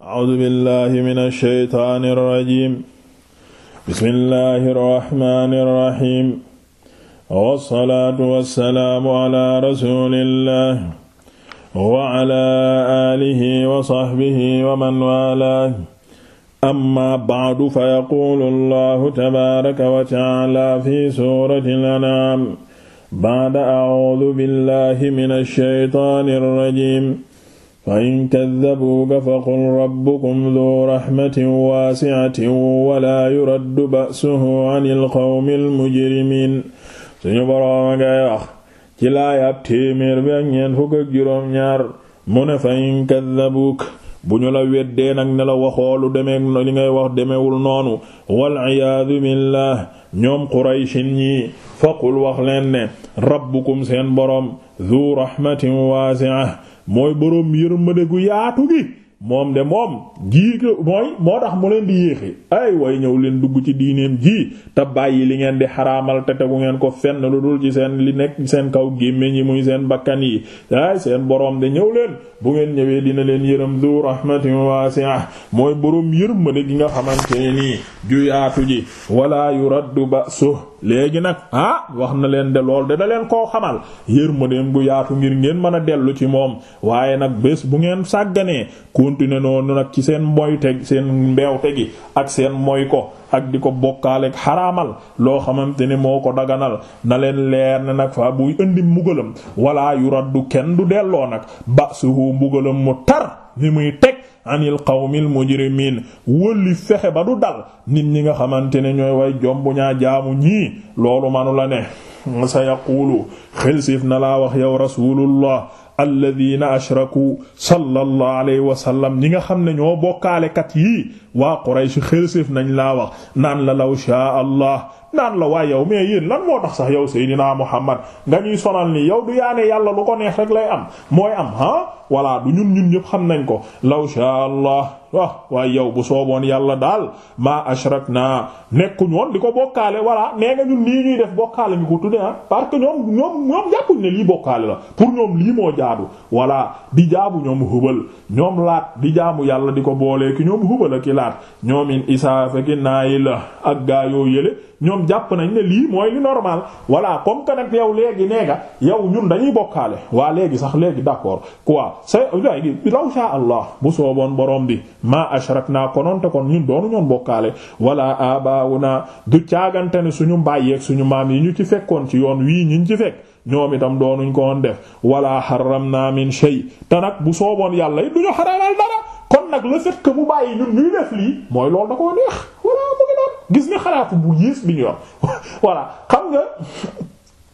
A'uuzu billaahi mina shaytaani rajiim. Bismillaahi rahmaani rahiim. Wa salaatu wa salaamu ala rasuulillaahi wa ala aalihi wa sahbihi wa man waalaahu. Amma ba'du fa yaquulu Allaahu tabaaraka wa ta'aalaa fi suuratil An'aam ba'da a'uuzu billaahi mina shaytaani rajiim. fa in kaddabuuka faqul rabbukum duu raxmatin waasicatin walaa yuraddu ba'suhu anil qawmil mujrimiin suñu borooma ngay wax ci laayaab téeméer bi ak ñeent fukk ak ñaar mu ne fa in kaddabuuka bu ñu la weddee nag ne la waxoolu demeek li ngay wax demewul noonu wal iyaadu billaah ñoom quraychin ñi faqul wax leen rabbukum seen boroom duu raxmatin waasicatin mooy boroom yërmande gu yaatu gi moom de moom jii mooy moo tax mu leen di yéexi ay way ñëw leen dugg ci diineem jii te bàyyi li ngeen di xaraamal te tegu ngeen ko fenn lu dul ci seen li nekk seen kaw gémmiñ yi muy seen bakkan yi ay seen boroom de ñëw leen bu ngeen ñëwee dina leen yërëm du rahmatin wasi'a mooy boroom mëne gi nga xamante ne nii ju yaatu ji wala ba su léegi nag ah wax na leen de lool de da leen koo xamal yërmandeem bu yaatu ngir ngeen mën a dellu ci moom continuer noonu nag ci seen mooy teg seen mbeew tegi ak seen mooy ko ak di ko bokkaaleeg xaraamal loo xamante ne moo ko daganal na leen leer ne nag fa buy indi mbugalam wala yu raddu kenn du delloo nag ba suhu mbugalam mu tar ni muy teg anil qawmil mujrimin wëlli fexe ba du dal nit ñi nga xamante ne ñooy way jomb ñaa jaamu ñii loolu manu la ne sa yaqulu xel na laa wax yow rasulullah alladina ashraku sallallahu alayhi wa sallam nga xam ne ñoo bokkaalekat yii waa Quraysh xelséef nañ laa wax naan la law shaa allah naan la waa yow mais yéen lan moo tax sax yow Seydina Muhammad nga ñuy sonal nii yow du yaane yàlla lu ko neex rek lay am mooy am ah voilà du ñun ñun ñëpp xam nañ ko law shaa allah waaw waaye yow bu sooboon yàlla daal ma maa naa nekkuñ woon di ko bokkaale voilà nee nga ñun lii ñuy def bokkaale ñu ko tudde ah parce que ñoom ñoom ñoom jàppuñ ne pour ñoom lii moo jaadu voilà di jaabu ñoom hubal ñoom laat di jaamu yàlla di ko boolee ki ñoom hubal ñoom in isaafe ki la ak gaa yoo yële ñoom jàpp nañ ne lii mooy li normal voilà comme que nag yow nee nga yow ñun dañuy bokkaale waa léegi sax léegi d'accord quoi c'est léegi law sha Allah bu sooboon boroom bi ma maa ashraknaa konoon te kon ñun doonu ñoon bokkaale wala abaawuna du caagante ne suñu bàyyi ak suñu maam yi ñu ci fekkoon ci yoon wii ñiñ ci fekk ñoom itam doonuñ ko woon def wala harramna min shay te nag bu sooboon yàlla yi duñu xaraamal dara kon nag le fait que bu bàyyi ñun ñuy def lii mooy loolu da koo neex wala mu ngi noon gis nga xalaatu bu yées bi ñu yor voilà xam nga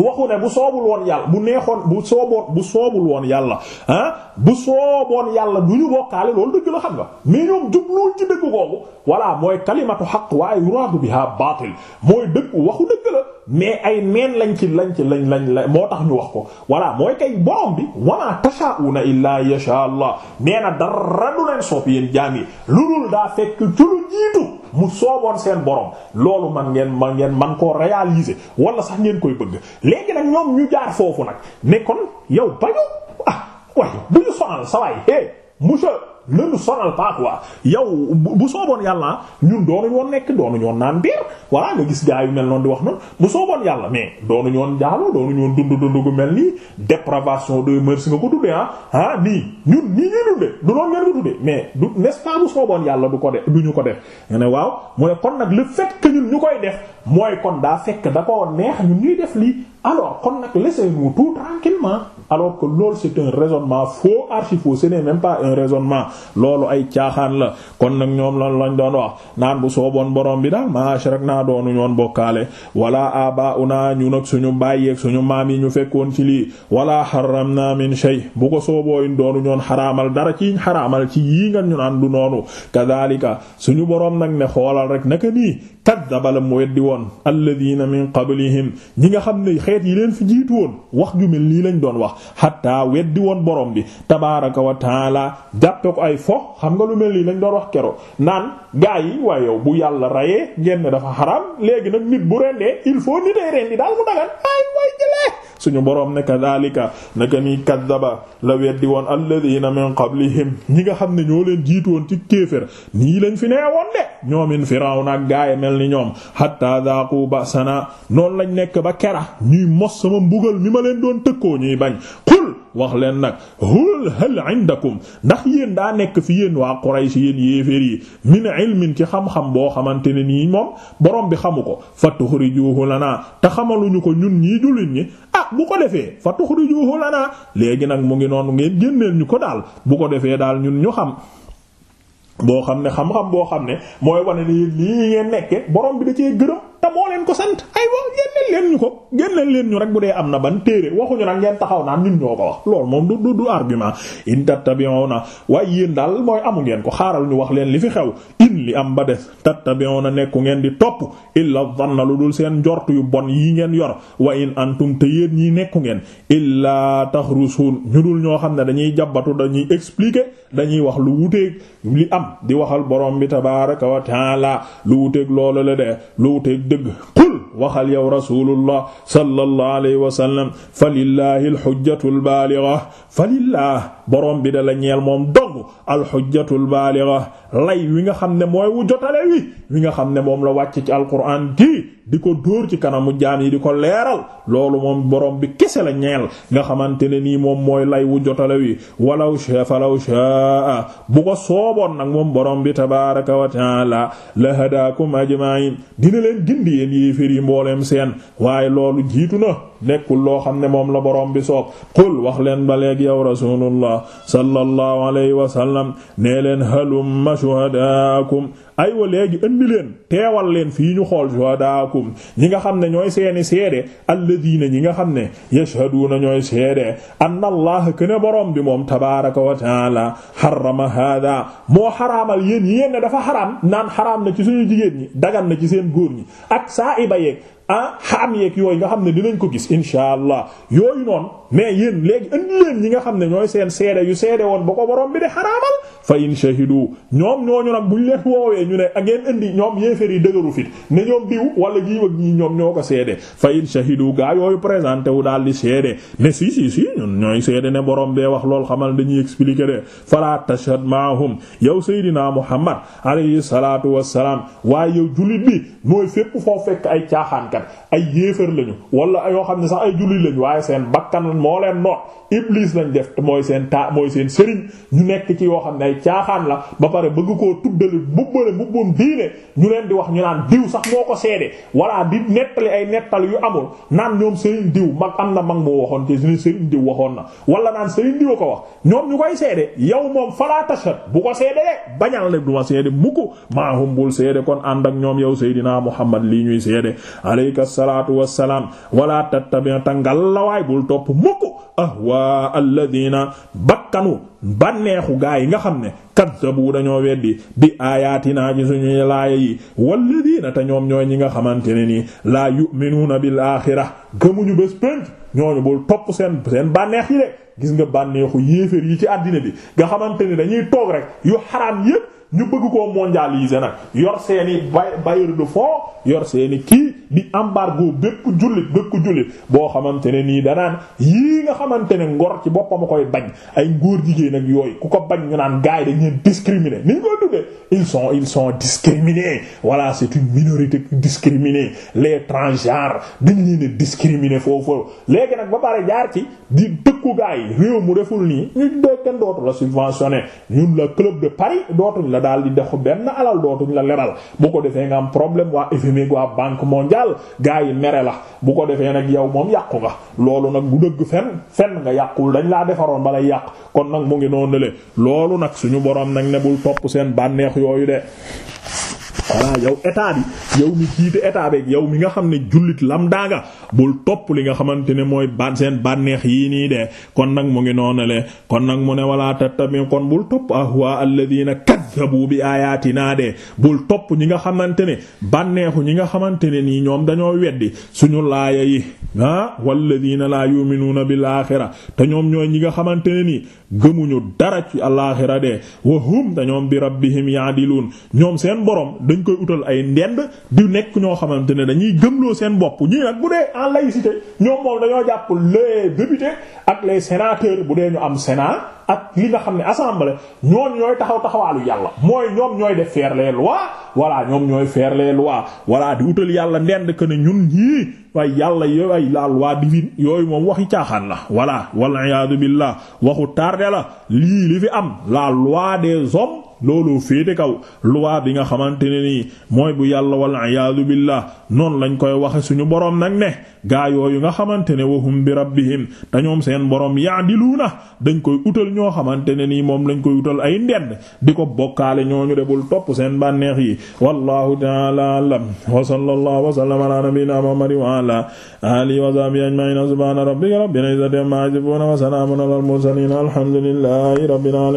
waxu ne bu soobul woon yàlla bu neexoon bu sooboon bu soobul woon yàlla ah bu sooboon yàlla du ñu bokkaale loolu dëgg la xam nga mais ñoom jubluwul ci dëgg googu voilà mooy kalimatu xaq waaye yuraadu biha baatil mooy dëgg waxu dëgg la mais ay meen lañ ci lañ ci lañ lañ la moo tax ñu wax ko voilà mooy kay borom bi wama tashaa'una illaa yasha allah nee na dara du leen soob yéen jaam yi lu dul daa fekk ci jiitu mu sooboon seen borom loolu man ngeen man ngeen man koo réaliser wala sax ngeen koy bëgg léegi nag ñoom ñu jaar foofu nag ne kon yow bañu ah way bu ñu sonal sa waay monsieur lënu sonal pas quoi yow bu sooboon yàlla ñun doonuñu woon nekk doonuñu woon naan biir voilà nga gis gaa yu mel noonu di wax noonu bu sooboon yàlla mais doonuñu woon jaaloo doonuñu woon dund dund gu mel nii dépravation de mœurs nga ko tuddee ah ah nii du noonu ngeen mais du n'est-ce pas bu sooboon yàlla du ko def du ñu ko def nga ne waaw mu ne kon nag le fait ñun ñu koy def mooy kon daa fekk da ko neex ñun ñuy def lii alors kon nag laissez-nous tout tranquillement alors que loolu c'est un raisonnement faux archi faux ce n'est pas un raisonnement loolu ay caaxaan la kon nag ñoom lan lañ doon wax naan bu sooboon boroom bi daal ma ashrakna doonu ñoon bokkaale wala abauna ñu nag suñu baay ak suñu maam yi ñu fekkoon ci lii wala harramna min shay bu ko soobooyin doonu ñoon xaraamal dara ci xaraamal ci yii nga ñu naan du noonu kadhalika suñu boroom nag ne xoolal rek naka nii kaddaba la mu weddi woon alladina min qablihim ñi nga xam ne xeet yi leen fi jiitu woon wax ju mel nii lañ doon wax xatta weddi woon borom bi tabaaraka wa taala jàppe ko ay fo xam nga lu mel nii lañ doon wax kero naan gaa yi waaye yow bu yàlla rayee ngeen dafa xaram léegi nag nit bu rendee il faut nitay rendi daal mu dagan ay way jëlee suñu boroom ne kadhalika naka ni kaddaba la weddi woon alladhina min qablihim ñi nga xam ne ñoo leen jiitu woon ci kéefër nii lañ fi nee woon de ñoomin Firawna ak gaay mel ni ñoom hatta dhaqu ba'sana noonu lañ nekk ba kera ñuy mos sama mbugal mi ma leen doon tëkkoo ñuy bañ xul wax leen nag hul hal indakum ndax yéen daa nekk fi yéen waa Quraysh yéen yéeféer yi min ilmin ci xam-xam boo xamante ne nii moom boroom bi xamu ko fatuxrijuhu lana te xamaluñu ko ñun ñii jullit ñi bu ko defee fa tuxrijuhu naa léegi nag mu ngi noonu ngeen génneel ñu ko daal bu ko defee daal ñun ñu xam boo xam ne xam-xam boo xam ne mooy wane ne lii ngeen nekke borom bi da cee gërëm te moo leen ko sant aywa génneel leen ñu ko génneel leen ñu rek bu dee am na ban téere waxuñu nag ngeen taxaw naan ñun ñoo ko wax loolu moom du du du argument in tattabi'una waaye yéen daal mooy amu ngeen ko xaaral ñu wax leen li fi xew in li am ba des tattabi'una nekku ngeen di topp illa dhanna lu dul seen njort yu bon yi ngeen yor wa in antum te yéen ñi nekku ngeen illa taxrusun ñu dul ñoo xam ne dañuy jabbatu dañuy expliquer dañuy wax lu wuteeg li am di waxal borom bi tabaaraka wa ta'ala lu wuteeg loolu la lu wuteeg dëgg qul waxal yow rasulullah sallallahu alayhi wa sallam falillahi alhujjatul baligha falillah borom bi da la ñeel moom dong alxujjatul baaliga lay wi nga xam ne mooy wu jotale wi wi nga xam ne moom la wàcc ci alquran gi di ko dóor ci kanamu jaan yi di ko leeral loolu moom borom bi kese la ñeel nga xamante ne nii moom mooy lay wu jotale wi walaw sha falaw shaa bu ko sooboon nag moom borom bi tabaaraka wa taala la hadaakum ajma'in dina leen gindi yéen yéefér yi mbooleem seen waaye loolu jiitu na nekkul loo xam ne moom la borom bi soob qul wax leen ba léegi yow rasulullah sallallahu alayhi wa sallam nee leen halumma shuhadaakum aywa léegi indi leen teewal leen fii ñu xool shuhadaakum ñi nga xam ne ñooy seeni seede alladina ñi nga xam ne yashhaduna ñooy seede anna allah këne borom bi moom tabaaraka wa taala harrama hada moo xaraamal yéen yéen ne dafa xaraam naan xaraam na ci suñu jigéen ñi dagan na ci seen góor ñi ak saa iba yeeg ah xaam yooyu nga xam ne dinañ ko gis insha allah yooyu noonu mais yéen léegi indi leen ñi nga xam ne ñooy seen seede yu seede woon ba boroom bi de xaraamal fa in shahidu ñoom ñooñu nag buñ leen woowee ñu ne ngeen indi ñoom yéeféer yi dëgëru fit ne ñoom diw wala jiw ak ñii ñoom ñoo ko seede fa in shahidu gaa yooyu présenté wu daal di seede ne si si si ñun ñooy seede ne borom bee wax lool xamal dañuy expliquer de fala tashhad maahum yow Seydina Muhammad alayhi salaatu wassalaam waaye bi mooy fépp foo fekk ay caaxaankat ay yéeféer lañu wala yoo xam ne sax ay jullit lañu waaye seen bakkan moo leen noot iblis lañ def mooy seen taa mooy seen ñu nekk ci yoo xam ne ay caaxaan la ba pare bëgg koo tuddale bubbale mbubbum diine ñu leen di wax ñu naan diw sax moo ko seede walla di nettali ay nettali yu amul naan ñoom sëriñ diw mag am na mag moo waxoon te sëriñ diw waxoon na wala naan sëriñ diw ko wax ñoom ñu koy seede yow moom falaa tashhad bu ko seede de bañal ne du ma seede mukk maa hum bul seede kon ànd ak ñoom yow Seydina Muhammad lii ñuy seede alayka salaatu wassalaam wala tattabi tangal lawaay bul topp mukk ahwa alladina bakkanu bànneexu gaa yi nga xam ne kaddabu dañoo weddi bi aayaatinaa ci suñuy laaya yi walladiina te ñoom ñooy ñi nga xamante ne nii laa yu'minuuna bil aaxira gëmuñu bés pénc ñooñu bul topp seen seen bànneex yi de gis nga bànneexu yéeféer yi ci àddina bi nga xamante ni dañuy toog rek yu xaraam yépp ñu bëgg koo mondialiser nag yor seeni bay bailleur de fonds yor seeni kii di embargo bépp jullit bépp jullit boo xamante ne nii danaan yii nga xamante ne ngor ci boppam koy bañ ay ngóor jigéen ak yooyu ku ko bañ ñu naan gars yi dañ leen discriminer ni ils sont ils sont discriminés voilà c'est une minorité discriminée les transgenres dañ leen foofu léegi nag ba pare jaar ci di dëkku gaa yi réew mu deful nii ñu dee kenn dootu la subventionné ñun la club de Paris dootuñ la daal di dexu benn alal dootuñ la lebal bu ko defee nga am problème waa FMI e waa banque mondiale gaa yi mere la bu ko defee nag yow moom yàqu nga loolu nag bu dëgg fenn fenn nga yàqul dañ laa defaroon balay yàq kon nag mu ngi noonu le loolu nag suñu borom nag ne bul topp seen bànneex yooyu de voilà yow état bi mi jiite état beeg yow mi nga xam ne jullit lam daanga bul topp li nga xamante ne mooy ban seen bànneex yii nii de kon nag mu ngi noonale kon nag mu ne wala tattabi kon bul topp ahwa alladina kaddabu bi ayatina de bul topp ñi nga xamante ne bànneexu ñi nga xamante ne nii ñoom dañoo weddi suñu laaya yi ah walladina la yu'minuna bi axira te ñoom ñooy ñi nga xamante ne nii gëmuñu dara ci al axira de wa hum te ñoom bi rabbihim yaadiluun ñoom seen borom dañ koy utal ay di nekk ñoo xamante ne dañuy gëmloo seen bopp ñii nag bu dee en laïcité ñoom moom dañoo jàpp les députés ak les sénateurs bu dee ñu am sénat ak li nga xam ne assemblée ñoon ñooy taxaw taxawaalu yàlla mooy ñoom ñooy def faire le lois voilà ñoom ñooy faire les lois voilà di utal yàlla ndend que ne ñun ñii waaye yàlla yooyu ay la loi divine yooyu moom waxi caaxaan la voilà wal iyaadu billah waxu tardé la lii li fi am la loi de hommes loolu féete kaw loi bi nga xamante ne nii mooy bu yàlla wal iyaadu billah noonu lañ koy waxe suñu boroom nag ne gaa yooyu nga xamante ne wahum bi rabbihim te ñoom seen boroom na dañ koy utal ñoo xamante ne nii moom lañ koy utal ay ndend di ko bokkaale ñooñu debul topp seen bànneex yi wallahu ta'ala a'lam wa sallallahu wa sallama ala nabiyyina muhammadin wa ala alihi wa sahbihi ajma'in subhana rabbika rabbil izzati amma yasifun wa alhamdulillahi rabbil alamin